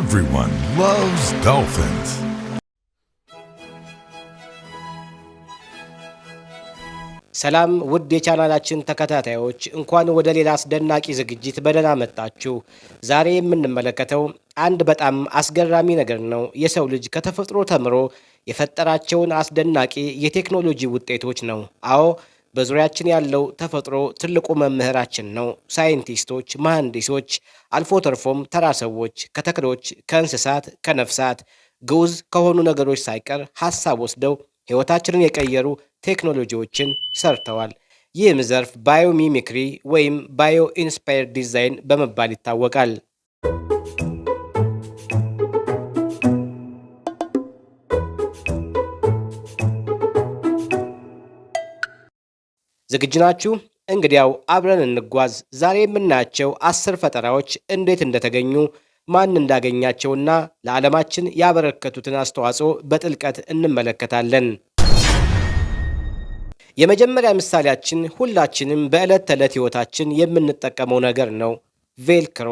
Everyone loves dolphins. ሰላም ውድ የቻናላችን ተከታታዮች እንኳን ወደ ሌላ አስደናቂ ዝግጅት በደህና መጣችሁ። ዛሬ የምንመለከተው አንድ በጣም አስገራሚ ነገር ነው። የሰው ልጅ ከተፈጥሮ ተምሮ የፈጠራቸውን አስደናቂ የቴክኖሎጂ ውጤቶች ነው። አዎ በዙሪያችን ያለው ተፈጥሮ ትልቁ መምህራችን ነው። ሳይንቲስቶች፣ መሐንዲሶች፣ አልፎ ተርፎም ተራ ሰዎች ከተክሎች፣ ከእንስሳት፣ ከነፍሳት ግዑዝ ከሆኑ ነገሮች ሳይቀር ሀሳብ ወስደው ሕይወታችንን የቀየሩ ቴክኖሎጂዎችን ሰርተዋል። ይህም ዘርፍ ባዮሚሚክሪ ወይም ባዮ ኢንስፓየርድ ዲዛይን በመባል ይታወቃል። ዝግጁ ናችሁ? እንግዲያው አብረን እንጓዝ። ዛሬ የምናያቸው አስር ፈጠራዎች እንዴት እንደተገኙ ማን እንዳገኛቸውና ለዓለማችን ያበረከቱትን አስተዋጽኦ በጥልቀት እንመለከታለን። የመጀመሪያ ምሳሌያችን ሁላችንም በዕለት ተዕለት ሕይወታችን የምንጠቀመው ነገር ነው፣ ቬልክሮ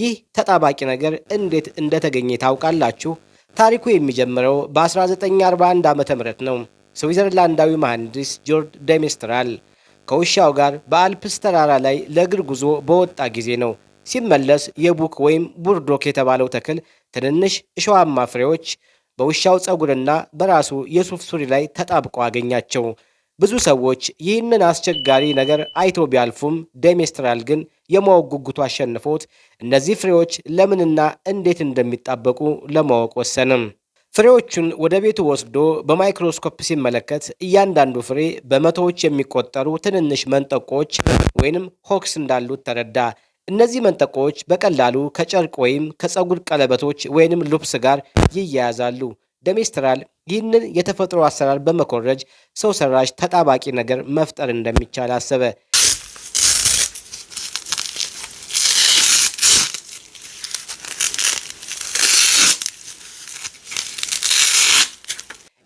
ይህ ተጣባቂ ነገር እንዴት እንደተገኘ ታውቃላችሁ? ታሪኩ የሚጀምረው በ1941 ዓ ም ነው። ስዊዘርላንዳዊ መሐንዲስ ጆርጅ ደሜስትራል ከውሻው ጋር በአልፕስ ተራራ ላይ ለእግር ጉዞ በወጣ ጊዜ ነው። ሲመለስ የቡክ ወይም ቡርዶክ የተባለው ተክል ትንንሽ እሾሃማ ፍሬዎች በውሻው ፀጉርና በራሱ የሱፍ ሱሪ ላይ ተጣብቆ አገኛቸው። ብዙ ሰዎች ይህንን አስቸጋሪ ነገር አይቶ ቢያልፉም ደሜስትራል ግን የማወቅ ጉጉቱ አሸንፎት እነዚህ ፍሬዎች ለምንና እንዴት እንደሚጣበቁ ለማወቅ ወሰንም። ፍሬዎቹን ወደ ቤቱ ወስዶ በማይክሮስኮፕ ሲመለከት እያንዳንዱ ፍሬ በመቶዎች የሚቆጠሩ ትንንሽ መንጠቆዎች ወይንም ሆክስ እንዳሉት ተረዳ። እነዚህ መንጠቆዎች በቀላሉ ከጨርቅ ወይም ከፀጉር ቀለበቶች ወይንም ሉፕስ ጋር ይያያዛሉ። ደሜስትራል ይህንን የተፈጥሮ አሰራር በመኮረጅ ሰው ሰራሽ ተጣባቂ ነገር መፍጠር እንደሚቻል አሰበ።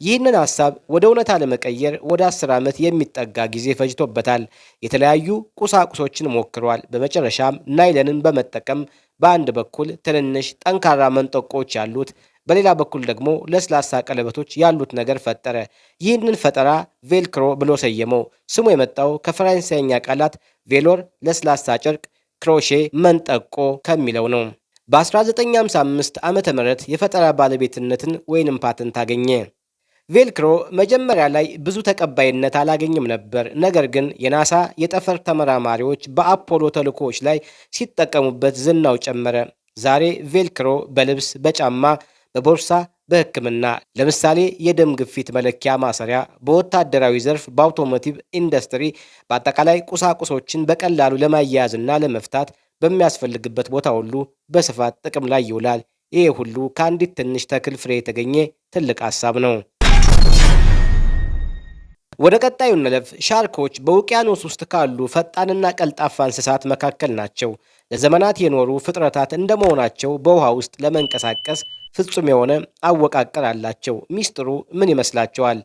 ይህንን ሀሳብ ወደ እውነታ ለመቀየር ወደ አስር ዓመት የሚጠጋ ጊዜ ፈጅቶበታል። የተለያዩ ቁሳቁሶችን ሞክሯል። በመጨረሻም ናይለንን በመጠቀም በአንድ በኩል ትንንሽ ጠንካራ መንጠቆዎች ያሉት በሌላ በኩል ደግሞ ለስላሳ ቀለበቶች ያሉት ነገር ፈጠረ። ይህንን ፈጠራ ቬልክሮ ብሎ ሰየመው። ስሙ የመጣው ከፈረንሳይኛ ቃላት ቬሎር ለስላሳ ጨርቅ፣ ክሮሼ መንጠቆ ከሚለው ነው። በ1955 ዓ ም የፈጠራ ባለቤትነትን ወይንም ፓትንት አገኘ። ቬልክሮ መጀመሪያ ላይ ብዙ ተቀባይነት አላገኝም ነበር። ነገር ግን የናሳ የጠፈር ተመራማሪዎች በአፖሎ ተልእኮዎች ላይ ሲጠቀሙበት ዝናው ጨመረ። ዛሬ ቬልክሮ በልብስ በጫማ በቦርሳ በሕክምና ለምሳሌ የደም ግፊት መለኪያ ማሰሪያ፣ በወታደራዊ ዘርፍ፣ በአውቶሞቲቭ ኢንዱስትሪ በአጠቃላይ ቁሳቁሶችን በቀላሉ ለማያያዝና ለመፍታት በሚያስፈልግበት ቦታ ሁሉ በስፋት ጥቅም ላይ ይውላል። ይህ ሁሉ ከአንዲት ትንሽ ተክል ፍሬ የተገኘ ትልቅ ሀሳብ ነው። ወደ ቀጣዩ እንለፍ። ሻርኮች በውቅያኖስ ውስጥ ካሉ ፈጣንና ቀልጣፋ እንስሳት መካከል ናቸው። ለዘመናት የኖሩ ፍጥረታት እንደመሆናቸው በውሃ ውስጥ ለመንቀሳቀስ ፍጹም የሆነ አወቃቀር አላቸው። ሚስጥሩ ምን ይመስላቸዋል?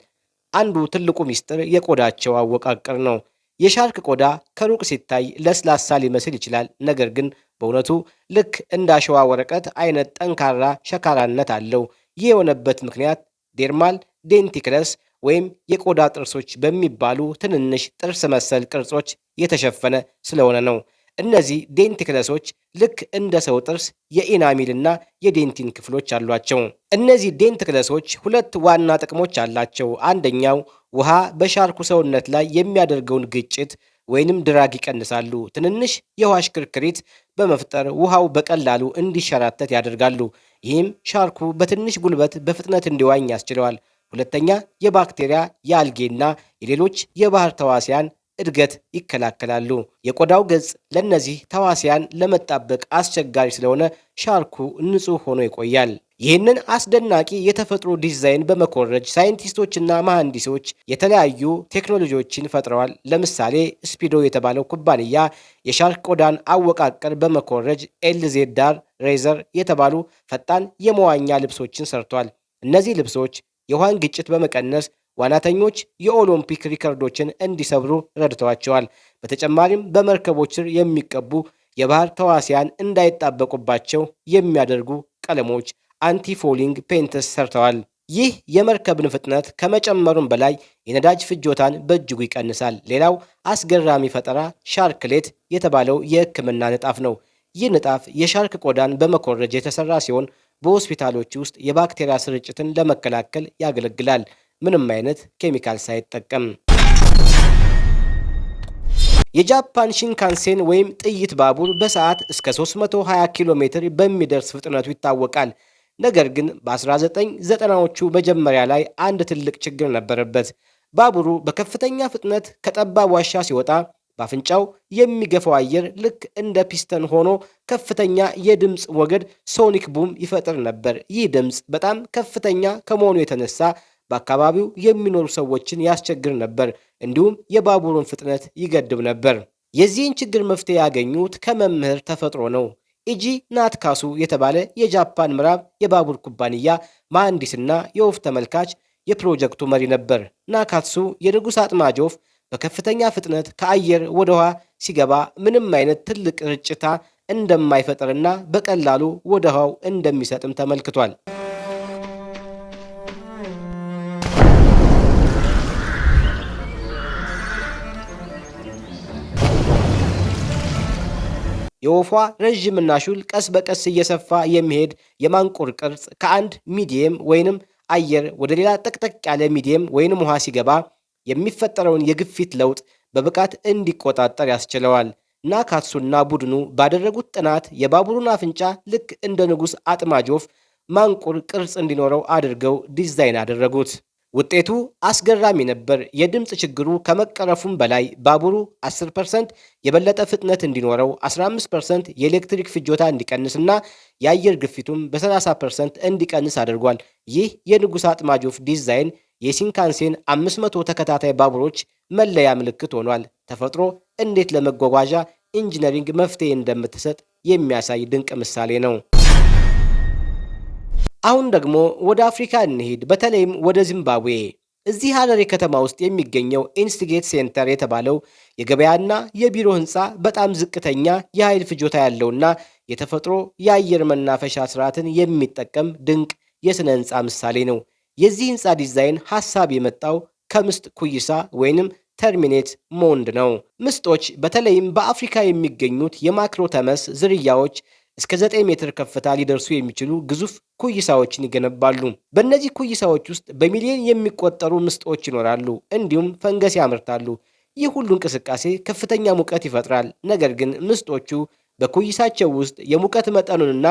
አንዱ ትልቁ ሚስጥር የቆዳቸው አወቃቀር ነው። የሻርክ ቆዳ ከሩቅ ሲታይ ለስላሳ ሊመስል ይችላል። ነገር ግን በእውነቱ ልክ እንደ አሸዋ ወረቀት አይነት ጠንካራ ሸካራነት አለው። ይህ የሆነበት ምክንያት ዴርማል ዴንቲክለስ ወይም የቆዳ ጥርሶች በሚባሉ ትንንሽ ጥርስ መሰል ቅርጾች የተሸፈነ ስለሆነ ነው። እነዚህ ዴንቲክለሶች ልክ እንደ ሰው ጥርስ የኢናሚልና የዴንቲን ክፍሎች አሏቸው። እነዚህ ዴንቲክለሶች ሁለት ዋና ጥቅሞች አላቸው። አንደኛው ውሃ በሻርኩ ሰውነት ላይ የሚያደርገውን ግጭት ወይንም ድራግ ይቀንሳሉ። ትንንሽ የውሃ ሽክርክሪት በመፍጠር ውሃው በቀላሉ እንዲሸራተት ያደርጋሉ። ይህም ሻርኩ በትንሽ ጉልበት በፍጥነት እንዲዋኝ ያስችለዋል። ሁለተኛ የባክቴሪያ የአልጌና የሌሎች የባህር ተዋሲያን እድገት ይከላከላሉ። የቆዳው ገጽ ለእነዚህ ተዋሲያን ለመጣበቅ አስቸጋሪ ስለሆነ ሻርኩ ንጹህ ሆኖ ይቆያል። ይህንን አስደናቂ የተፈጥሮ ዲዛይን በመኮረጅ ሳይንቲስቶችና መሐንዲሶች የተለያዩ ቴክኖሎጂዎችን ፈጥረዋል። ለምሳሌ ስፒዶ የተባለው ኩባንያ የሻርክ ቆዳን አወቃቀር በመኮረጅ ኤልዜዳር ሬዘር የተባሉ ፈጣን የመዋኛ ልብሶችን ሰርቷል። እነዚህ ልብሶች የውሃን ግጭት በመቀነስ ዋናተኞች የኦሎምፒክ ሪከርዶችን እንዲሰብሩ ረድተዋቸዋል። በተጨማሪም በመርከቦች ስር የሚቀቡ የባህር ተዋሲያን እንዳይጣበቁባቸው የሚያደርጉ ቀለሞች አንቲፎሊንግ ፔንትስ ሰርተዋል። ይህ የመርከብን ፍጥነት ከመጨመሩም በላይ የነዳጅ ፍጆታን በእጅጉ ይቀንሳል። ሌላው አስገራሚ ፈጠራ ሻርክሌት የተባለው የሕክምና ንጣፍ ነው። ይህ ንጣፍ የሻርክ ቆዳን በመኮረጅ የተሰራ ሲሆን በሆስፒታሎች ውስጥ የባክቴሪያ ስርጭትን ለመከላከል ያገለግላል። ምንም አይነት ኬሚካል ሳይጠቀም የጃፓን ሺንካንሴን ወይም ጥይት ባቡር በሰዓት እስከ 320 ኪሎ ሜትር በሚደርስ ፍጥነቱ ይታወቃል። ነገር ግን በ1990ዎቹ መጀመሪያ ላይ አንድ ትልቅ ችግር ነበረበት። ባቡሩ በከፍተኛ ፍጥነት ከጠባብ ዋሻ ሲወጣ በአፍንጫው የሚገፋው አየር ልክ እንደ ፒስተን ሆኖ ከፍተኛ የድምፅ ወገድ ሶኒክ ቡም ይፈጥር ነበር። ይህ ድምፅ በጣም ከፍተኛ ከመሆኑ የተነሳ በአካባቢው የሚኖሩ ሰዎችን ያስቸግር ነበር፣ እንዲሁም የባቡሩን ፍጥነት ይገድብ ነበር። የዚህን ችግር መፍትሄ ያገኙት ከመምህር ተፈጥሮ ነው። ኢጂ ናትካሱ የተባለ የጃፓን ምዕራብ የባቡር ኩባንያ መሐንዲስና የወፍ ተመልካች የፕሮጀክቱ መሪ ነበር። ናካትሱ የንጉሥ አጥማጅ ወፍ በከፍተኛ ፍጥነት ከአየር ወደ ውሃ ሲገባ ምንም አይነት ትልቅ ርጭታ እንደማይፈጥርና በቀላሉ ወደ ውሃው እንደሚሰጥም ተመልክቷል። የወፏ ረዥምና ሹል ቀስ በቀስ እየሰፋ የሚሄድ የማንቁር ቅርጽ ከአንድ ሚዲየም ወይንም አየር ወደ ሌላ ጥቅጥቅ ያለ ሚዲየም ወይንም ውሃ ሲገባ የሚፈጠረውን የግፊት ለውጥ በብቃት እንዲቆጣጠር ያስችለዋል። ናካትሱና ቡድኑ ባደረጉት ጥናት የባቡሩን አፍንጫ ልክ እንደ ንጉሥ አጥማጅ ወፍ ማንቁር ቅርጽ እንዲኖረው አድርገው ዲዛይን አደረጉት። ውጤቱ አስገራሚ ነበር። የድምፅ ችግሩ ከመቀረፉም በላይ ባቡሩ 10% የበለጠ ፍጥነት እንዲኖረው፣ 15% የኤሌክትሪክ ፍጆታ እንዲቀንስና የአየር ግፊቱም በ30% እንዲቀንስ አድርጓል። ይህ የንጉሥ አጥማጆፍ ዲዛይን የሲንካንሴን 500 ተከታታይ ባቡሮች መለያ ምልክት ሆኗል። ተፈጥሮ እንዴት ለመጓጓዣ ኢንጂነሪንግ መፍትሄ እንደምትሰጥ የሚያሳይ ድንቅ ምሳሌ ነው። አሁን ደግሞ ወደ አፍሪካ እንሂድ፣ በተለይም ወደ ዚምባብዌ። እዚህ ሀረሬ ከተማ ውስጥ የሚገኘው ኢንስቲጌት ሴንተር የተባለው የገበያና የቢሮ ህንፃ በጣም ዝቅተኛ የኃይል ፍጆታ ያለውና የተፈጥሮ የአየር መናፈሻ ስርዓትን የሚጠቀም ድንቅ የሥነ ህንፃ ምሳሌ ነው። የዚህ ህንፃ ዲዛይን ሐሳብ የመጣው ከምስጥ ኩይሳ ወይንም ተርሚኔት ሞንድ ነው። ምስጦች በተለይም በአፍሪካ የሚገኙት የማክሮተመስ ዝርያዎች እስከ 9 ሜትር ከፍታ ሊደርሱ የሚችሉ ግዙፍ ኩይሳዎችን ይገነባሉ። በእነዚህ ኩይሳዎች ውስጥ በሚሊዮን የሚቆጠሩ ምስጦች ይኖራሉ፣ እንዲሁም ፈንገስ ያመርታሉ። ይህ ሁሉ እንቅስቃሴ ከፍተኛ ሙቀት ይፈጥራል። ነገር ግን ምስጦቹ በኩይሳቸው ውስጥ የሙቀት መጠኑንና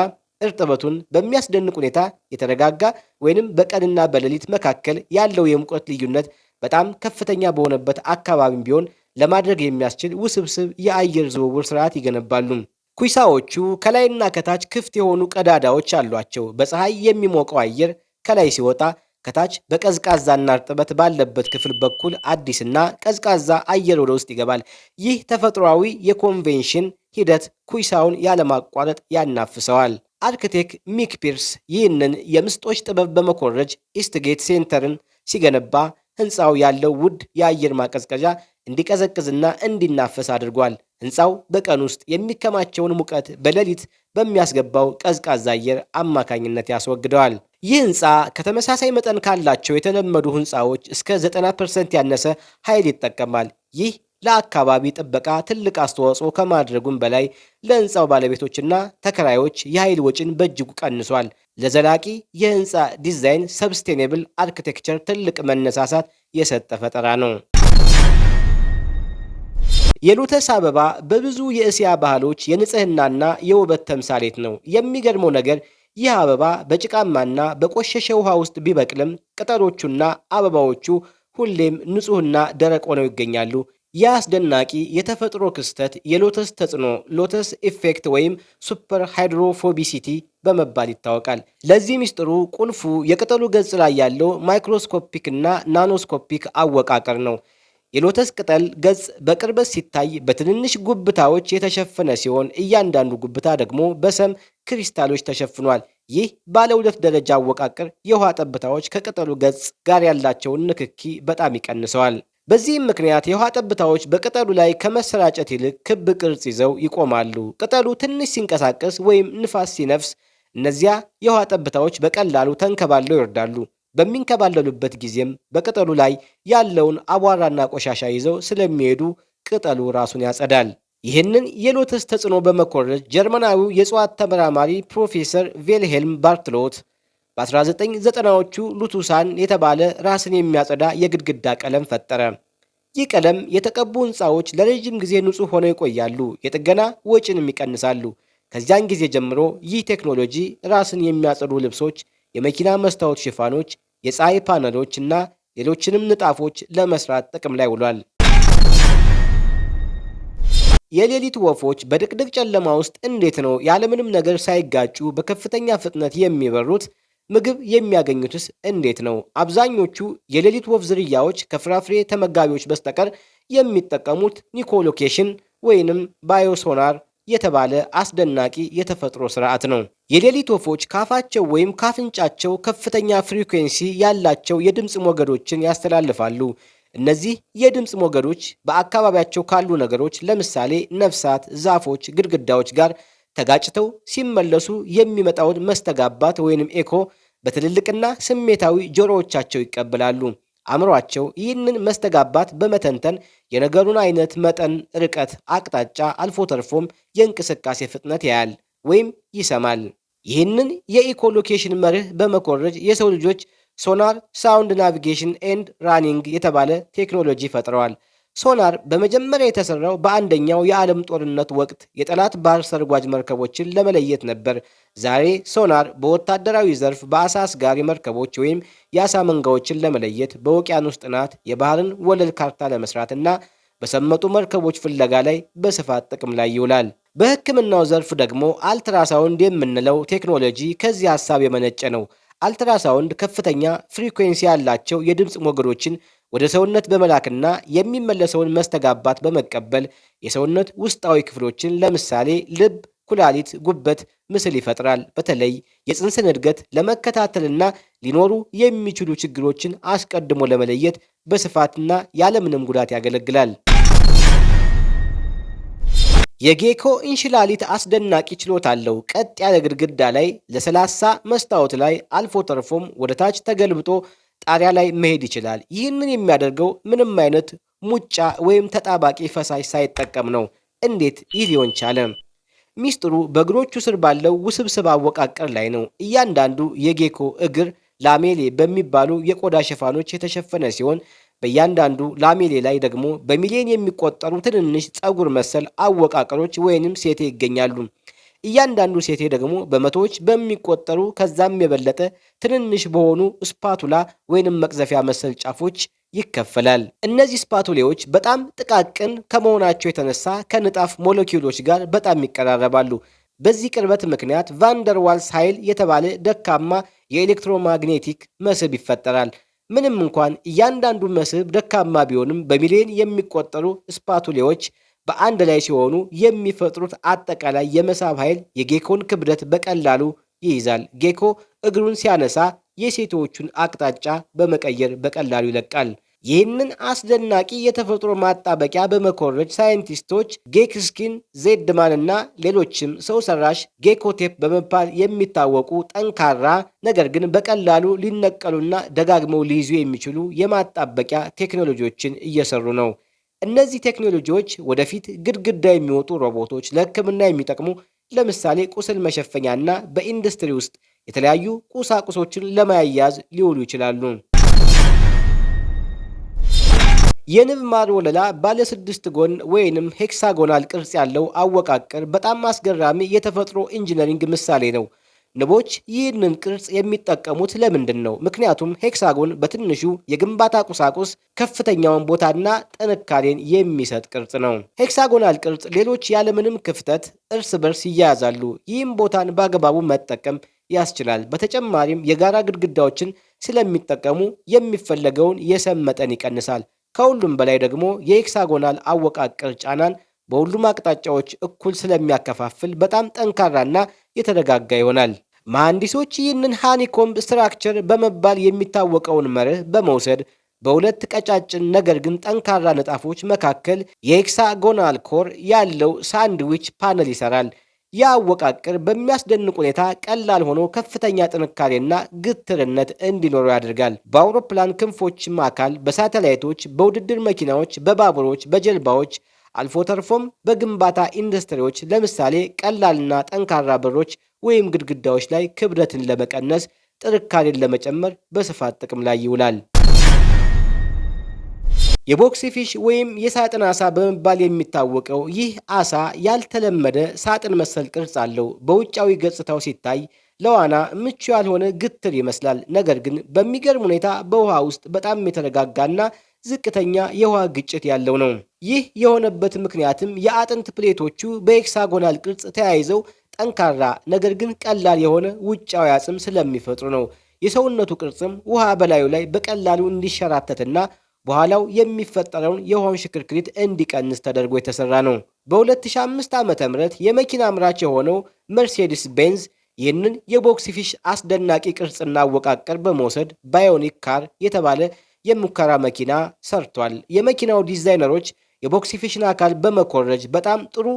እርጥበቱን በሚያስደንቅ ሁኔታ የተረጋጋ ወይንም በቀንና በሌሊት መካከል ያለው የሙቀት ልዩነት በጣም ከፍተኛ በሆነበት አካባቢም ቢሆን ለማድረግ የሚያስችል ውስብስብ የአየር ዝውውር ስርዓት ይገነባሉ። ኩይሳዎቹ ከላይና ከታች ክፍት የሆኑ ቀዳዳዎች አሏቸው። በፀሐይ የሚሞቀው አየር ከላይ ሲወጣ ከታች በቀዝቃዛና እርጥበት ባለበት ክፍል በኩል አዲስና ቀዝቃዛ አየር ወደ ውስጥ ይገባል። ይህ ተፈጥሯዊ የኮንቬንሽን ሂደት ኩይሳውን ያለማቋረጥ ያናፍሰዋል። አርክቴክ ሚክ ፒርስ ይህንን የምስጦች ጥበብ በመኮረጅ ኢስትጌት ሴንተርን ሲገነባ ሕንፃው ያለው ውድ የአየር ማቀዝቀዣ እንዲቀዘቅዝና እንዲናፈስ አድርጓል። ሕንፃው በቀን ውስጥ የሚከማቸውን ሙቀት በሌሊት በሚያስገባው ቀዝቃዛ አየር አማካኝነት ያስወግደዋል። ይህ ሕንፃ ከተመሳሳይ መጠን ካላቸው የተለመዱ ሕንፃዎች እስከ 90% ያነሰ ኃይል ይጠቀማል። ይህ ለአካባቢ ጥበቃ ትልቅ አስተዋጽኦ ከማድረጉም በላይ ለሕንፃው ባለቤቶችና ተከራዮች የኃይል ወጪን በእጅጉ ቀንሷል። ለዘላቂ የሕንፃ ዲዛይን ሰብስቴኔብል አርክቴክቸር ትልቅ መነሳሳት የሰጠ ፈጠራ ነው። የሎተስ አበባ በብዙ የእስያ ባህሎች የንጽህናና የውበት ተምሳሌት ነው። የሚገርመው ነገር ይህ አበባ በጭቃማና በቆሸሸ ውሃ ውስጥ ቢበቅልም ቅጠሎቹና አበባዎቹ ሁሌም ንጹህና ደረቅ ሆነው ይገኛሉ። ይህ አስደናቂ የተፈጥሮ ክስተት የሎተስ ተጽዕኖ ሎተስ ኢፌክት ወይም ሱፐር ሃይድሮፎቢሲቲ በመባል ይታወቃል። ለዚህ ምስጢሩ ቁልፉ የቅጠሉ ገጽ ላይ ያለው ማይክሮስኮፒክ ናኖስኮፒክ አወቃቀር ነው። የሎተስ ቅጠል ገጽ በቅርበት ሲታይ በትንንሽ ጉብታዎች የተሸፈነ ሲሆን እያንዳንዱ ጉብታ ደግሞ በሰም ክሪስታሎች ተሸፍኗል። ይህ ባለ ሁለት ደረጃ አወቃቀር የውሃ ጠብታዎች ከቅጠሉ ገጽ ጋር ያላቸውን ንክኪ በጣም ይቀንሰዋል። በዚህም ምክንያት የውሃ ጠብታዎች በቅጠሉ ላይ ከመሰራጨት ይልቅ ክብ ቅርጽ ይዘው ይቆማሉ። ቅጠሉ ትንሽ ሲንቀሳቀስ ወይም ንፋስ ሲነፍስ እነዚያ የውሃ ጠብታዎች በቀላሉ ተንከባለው ይወርዳሉ። በሚንከባለሉበት ጊዜም በቅጠሉ ላይ ያለውን አቧራና ቆሻሻ ይዘው ስለሚሄዱ ቅጠሉ ራሱን ያጸዳል። ይህንን የሎተስ ተጽዕኖ በመኮረጅ ጀርመናዊው የእጽዋት ተመራማሪ ፕሮፌሰር ቬልሄልም ባርትሎት በ1990ዎቹ ሉቱሳን የተባለ ራስን የሚያጸዳ የግድግዳ ቀለም ፈጠረ። ይህ ቀለም የተቀቡ ሕንፃዎች ለረዥም ጊዜ ንጹሕ ሆነው ይቆያሉ፣ የጥገና ወጪንም ይቀንሳሉ። ከዚያን ጊዜ ጀምሮ ይህ ቴክኖሎጂ ራስን የሚያጸዱ ልብሶች የመኪና መስታወት ሽፋኖች፣ የፀሐይ ፓነሎች እና ሌሎችንም ንጣፎች ለመስራት ጥቅም ላይ ውሏል። የሌሊት ወፎች በድቅድቅ ጨለማ ውስጥ እንዴት ነው ያለምንም ነገር ሳይጋጩ በከፍተኛ ፍጥነት የሚበሩት? ምግብ የሚያገኙትስ እንዴት ነው? አብዛኞቹ የሌሊት ወፍ ዝርያዎች ከፍራፍሬ ተመጋቢዎች በስተቀር የሚጠቀሙት ኒኮሎኬሽን ወይንም ባዮሶናር የተባለ አስደናቂ የተፈጥሮ ስርዓት ነው። የሌሊት ወፎች ካፋቸው ወይም ካፍንጫቸው ከፍተኛ ፍሪኩዌንሲ ያላቸው የድምፅ ሞገዶችን ያስተላልፋሉ። እነዚህ የድምፅ ሞገዶች በአካባቢያቸው ካሉ ነገሮች ለምሳሌ ነፍሳት፣ ዛፎች፣ ግድግዳዎች ጋር ተጋጭተው ሲመለሱ የሚመጣውን መስተጋባት ወይንም ኤኮ በትልልቅና ስሜታዊ ጆሮዎቻቸው ይቀበላሉ። አእምሯቸው ይህንን መስተጋባት በመተንተን የነገሩን አይነት መጠን፣ ርቀት፣ አቅጣጫ አልፎ ተርፎም የእንቅስቃሴ ፍጥነት ያያል ወይም ይሰማል። ይህንን የኢኮሎኬሽን መርህ በመኮረጅ የሰው ልጆች ሶናር፣ ሳውንድ ናቪጌሽን ኤንድ ራኒንግ የተባለ ቴክኖሎጂ ፈጥረዋል። ሶላር በመጀመሪያ የተሰራው በአንደኛው የዓለም ጦርነት ወቅት የጠላት ባህር ሰርጓጅ መርከቦችን ለመለየት ነበር። ዛሬ ሶናር በወታደራዊ ዘርፍ በአሳ አስጋሪ መርከቦች ወይም የአሳ መንጋዎችን ለመለየት፣ በውቅያኖስ ጥናት፣ የባህርን ወለል ካርታ ለመስራት እና በሰመጡ መርከቦች ፍለጋ ላይ በስፋት ጥቅም ላይ ይውላል። በሕክምናው ዘርፍ ደግሞ አልትራሳውንድ የምንለው ቴክኖሎጂ ከዚህ ሀሳብ የመነጨ ነው። አልትራሳውንድ ከፍተኛ ፍሪኩዌንሲ ያላቸው የድምፅ ሞገዶችን ወደ ሰውነት በመላክና የሚመለሰውን መስተጋባት በመቀበል የሰውነት ውስጣዊ ክፍሎችን ለምሳሌ ልብ፣ ኩላሊት፣ ጉበት ምስል ይፈጥራል። በተለይ የፅንስን እድገት ለመከታተልና ሊኖሩ የሚችሉ ችግሮችን አስቀድሞ ለመለየት በስፋትና ያለምንም ጉዳት ያገለግላል። የጌኮ እንሽላሊት አስደናቂ ችሎታ አለው። ቀጥ ያለ ግድግዳ ላይ ለስላሳ መስታወት ላይ አልፎ ተርፎም ወደ ታች ተገልብጦ ጣሪያ ላይ መሄድ ይችላል። ይህንን የሚያደርገው ምንም አይነት ሙጫ ወይም ተጣባቂ ፈሳሽ ሳይጠቀም ነው። እንዴት ይህ ሊሆን ቻለ? ሚስጥሩ በእግሮቹ ስር ባለው ውስብስብ አወቃቀር ላይ ነው። እያንዳንዱ የጌኮ እግር ላሜሌ በሚባሉ የቆዳ ሽፋኖች የተሸፈነ ሲሆን በእያንዳንዱ ላሜሌ ላይ ደግሞ በሚሊዮን የሚቆጠሩ ትንንሽ ፀጉር መሰል አወቃቀሮች ወይንም ሴቴ ይገኛሉ። እያንዳንዱ ሴቴ ደግሞ በመቶዎች በሚቆጠሩ ከዛም የበለጠ ትንንሽ በሆኑ ስፓቱላ ወይንም መቅዘፊያ መሰል ጫፎች ይከፈላል። እነዚህ ስፓቱሌዎች በጣም ጥቃቅን ከመሆናቸው የተነሳ ከንጣፍ ሞለኪውሎች ጋር በጣም ይቀራረባሉ። በዚህ ቅርበት ምክንያት ቫንደርዋልስ ኃይል የተባለ ደካማ የኤሌክትሮማግኔቲክ መስህብ ይፈጠራል። ምንም እንኳን እያንዳንዱ መስህብ ደካማ ቢሆንም በሚሊዮን የሚቆጠሩ ስፓቱሌዎች በአንድ ላይ ሲሆኑ የሚፈጥሩት አጠቃላይ የመሳብ ኃይል የጌኮን ክብደት በቀላሉ ይይዛል። ጌኮ እግሩን ሲያነሳ የሴቶቹን አቅጣጫ በመቀየር በቀላሉ ይለቃል። ይህንን አስደናቂ የተፈጥሮ ማጣበቂያ በመኮረጅ ሳይንቲስቶች ጌክስኪን፣ ዜድማን እና ሌሎችም ሰው ሰራሽ ጌኮቴፕ በመባል የሚታወቁ ጠንካራ ነገር ግን በቀላሉ ሊነቀሉና ደጋግመው ሊይዙ የሚችሉ የማጣበቂያ ቴክኖሎጂዎችን እየሰሩ ነው። እነዚህ ቴክኖሎጂዎች ወደፊት ግድግዳ የሚወጡ ሮቦቶች፣ ለሕክምና የሚጠቅሙ ለምሳሌ ቁስል መሸፈኛ እና በኢንዱስትሪ ውስጥ የተለያዩ ቁሳቁሶችን ለማያያዝ ሊውሉ ይችላሉ። የንብ ማር ወለላ ባለስድስት ጎን ወይንም ሄክሳጎናል ቅርጽ ያለው አወቃቀር በጣም አስገራሚ የተፈጥሮ ኢንጂነሪንግ ምሳሌ ነው። ንቦች ይህንን ቅርጽ የሚጠቀሙት ለምንድን ነው? ምክንያቱም ሄክሳጎን በትንሹ የግንባታ ቁሳቁስ ከፍተኛውን ቦታና ጥንካሬን የሚሰጥ ቅርጽ ነው። ሄክሳጎናል ቅርጽ ሌሎች ያለምንም ክፍተት እርስ በርስ ይያያዛሉ። ይህም ቦታን በአግባቡ መጠቀም ያስችላል። በተጨማሪም የጋራ ግድግዳዎችን ስለሚጠቀሙ የሚፈለገውን የሰም መጠን ይቀንሳል። ከሁሉም በላይ ደግሞ የሄክሳጎናል አወቃቀር ጫናን በሁሉም አቅጣጫዎች እኩል ስለሚያከፋፍል በጣም ጠንካራና የተረጋጋ ይሆናል። መሐንዲሶች ይህንን ሃኒኮምብ ስትራክቸር በመባል የሚታወቀውን መርህ በመውሰድ በሁለት ቀጫጭን ነገር ግን ጠንካራ ንጣፎች መካከል የሄክሳጎናል ኮር ያለው ሳንድዊች ፓነል ይሰራል። ያ አወቃቅር በሚያስደንቅ ሁኔታ ቀላል ሆኖ ከፍተኛ ጥንካሬና ግትርነት እንዲኖረው ያደርጋል። በአውሮፕላን ክንፎች አካል በሳተላይቶች፣ በውድድር መኪናዎች፣ በባቡሮች፣ በጀልባዎች አልፎ ተርፎም በግንባታ ኢንዱስትሪዎች ለምሳሌ ቀላልና ጠንካራ በሮች ወይም ግድግዳዎች ላይ ክብደትን ለመቀነስ፣ ጥንካሬን ለመጨመር በስፋት ጥቅም ላይ ይውላል። የቦክስ ፊሽ ወይም የሳጥን ዓሳ በመባል የሚታወቀው ይህ ዓሳ ያልተለመደ ሳጥን መሰል ቅርጽ አለው። በውጫዊ ገጽታው ሲታይ ለዋና ምቹ ያልሆነ ግትር ይመስላል። ነገር ግን በሚገርም ሁኔታ በውሃ ውስጥ በጣም የተረጋጋና ዝቅተኛ የውሃ ግጭት ያለው ነው። ይህ የሆነበት ምክንያትም የአጥንት ፕሌቶቹ በሄክሳጎናል ቅርጽ ተያይዘው ጠንካራ ነገር ግን ቀላል የሆነ ውጫዊ አጽም ስለሚፈጥሩ ነው። የሰውነቱ ቅርጽም ውሃ በላዩ ላይ በቀላሉ እንዲሸራተትና በኋላው የሚፈጠረውን የውሃውን ሽክርክሪት እንዲቀንስ ተደርጎ የተሰራ ነው። በ2005 ዓ ም የመኪና አምራች የሆነው መርሴዲስ ቤንዝ ይህንን የቦክስ ፊሽ አስደናቂ ቅርጽና አወቃቀር በመውሰድ ባዮኒክ ካር የተባለ የሙከራ መኪና ሰርቷል። የመኪናው ዲዛይነሮች የቦክሲፊሽን አካል በመኮረጅ በጣም ጥሩ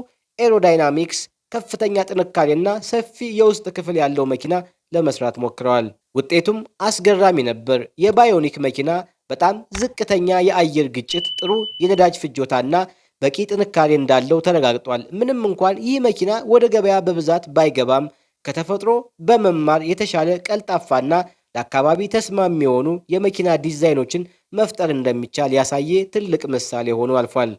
ኤሮዳይናሚክስ፣ ከፍተኛ ጥንካሬና ሰፊ የውስጥ ክፍል ያለው መኪና ለመስራት ሞክረዋል። ውጤቱም አስገራሚ ነበር። የባዮኒክ መኪና በጣም ዝቅተኛ የአየር ግጭት፣ ጥሩ የነዳጅ ፍጆታና በቂ ጥንካሬ እንዳለው ተረጋግጧል። ምንም እንኳን ይህ መኪና ወደ ገበያ በብዛት ባይገባም ከተፈጥሮ በመማር የተሻለ ቀልጣፋና ለአካባቢ ተስማሚ የሆኑ የመኪና ዲዛይኖችን መፍጠር እንደሚቻል ያሳየ ትልቅ ምሳሌ ሆኖ አልፏል።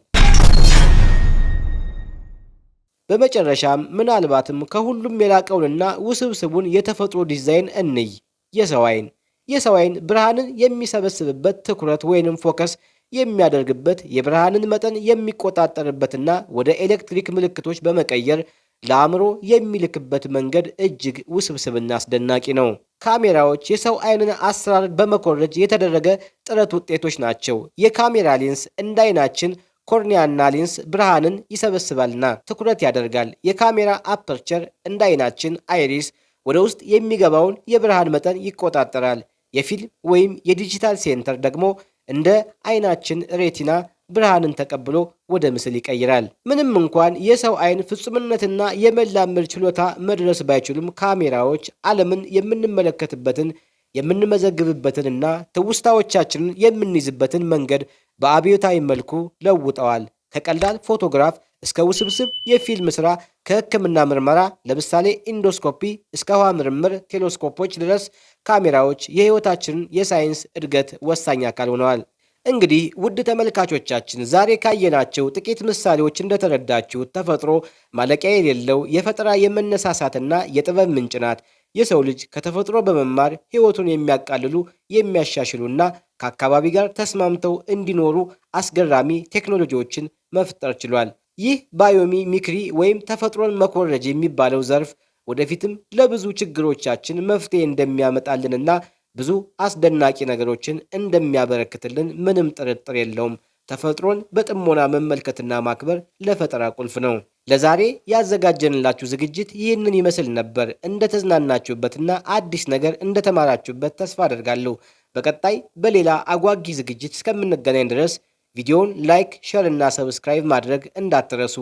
በመጨረሻም ምናልባትም ከሁሉም የላቀውንና ውስብስቡን የተፈጥሮ ዲዛይን እንይ። የሰው አይን የሰው ብርሃንን የሚሰበስብበት ትኩረት ወይንም ፎከስ የሚያደርግበት የብርሃንን መጠን የሚቆጣጠርበትና ወደ ኤሌክትሪክ ምልክቶች በመቀየር ለአእምሮ የሚልክበት መንገድ እጅግ ውስብስብና አስደናቂ ነው። ካሜራዎች የሰው ዓይንን አሰራር በመኮረጅ የተደረገ ጥረት ውጤቶች ናቸው። የካሜራ ሌንስ እንደ አይናችን ኮርኒያና ሌንስ ብርሃንን ይሰበስባልና ትኩረት ያደርጋል። የካሜራ አፐርቸር እንደ አይናችን አይሪስ ወደ ውስጥ የሚገባውን የብርሃን መጠን ይቆጣጠራል። የፊልም ወይም የዲጂታል ሴንተር ደግሞ እንደ አይናችን ሬቲና ብርሃንን ተቀብሎ ወደ ምስል ይቀይራል። ምንም እንኳን የሰው አይን ፍጹምነትና የመላመድ ችሎታ መድረስ ባይችሉም ካሜራዎች ዓለምን የምንመለከትበትን የምንመዘግብበትንና ትውስታዎቻችንን የምንይዝበትን መንገድ በአብዮታዊ መልኩ ለውጠዋል። ከቀላል ፎቶግራፍ እስከ ውስብስብ የፊልም ስራ፣ ከህክምና ምርመራ ለምሳሌ ኢንዶስኮፒ እስከ ውሃ ምርምር ቴሌስኮፖች ድረስ ካሜራዎች የህይወታችንን የሳይንስ እድገት ወሳኝ አካል ሆነዋል። እንግዲህ ውድ ተመልካቾቻችን ዛሬ ካየናቸው ጥቂት ምሳሌዎች እንደተረዳችሁት ተፈጥሮ ማለቂያ የሌለው የፈጠራ የመነሳሳትና የጥበብ ምንጭ ናት። የሰው ልጅ ከተፈጥሮ በመማር ሕይወቱን የሚያቃልሉ የሚያሻሽሉና ከአካባቢ ጋር ተስማምተው እንዲኖሩ አስገራሚ ቴክኖሎጂዎችን መፍጠር ችሏል። ይህ ባዮሚ ሚክሪ ወይም ተፈጥሮን መኮረጅ የሚባለው ዘርፍ ወደፊትም ለብዙ ችግሮቻችን መፍትሄ እንደሚያመጣልንና ብዙ አስደናቂ ነገሮችን እንደሚያበረክትልን ምንም ጥርጥር የለውም። ተፈጥሮን በጥሞና መመልከትና ማክበር ለፈጠራ ቁልፍ ነው። ለዛሬ ያዘጋጀንላችሁ ዝግጅት ይህንን ይመስል ነበር። እንደተዝናናችሁበትና አዲስ ነገር እንደተማራችሁበት ተስፋ አደርጋለሁ። በቀጣይ በሌላ አጓጊ ዝግጅት እስከምንገናኝ ድረስ ቪዲዮውን ላይክ፣ ሼር እና ሰብስክራይብ ማድረግ እንዳትረሱ።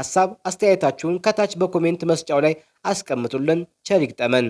ሐሳብ አስተያየታችሁን ከታች በኮሜንት መስጫው ላይ አስቀምጡልን። ቸር ይግጠመን።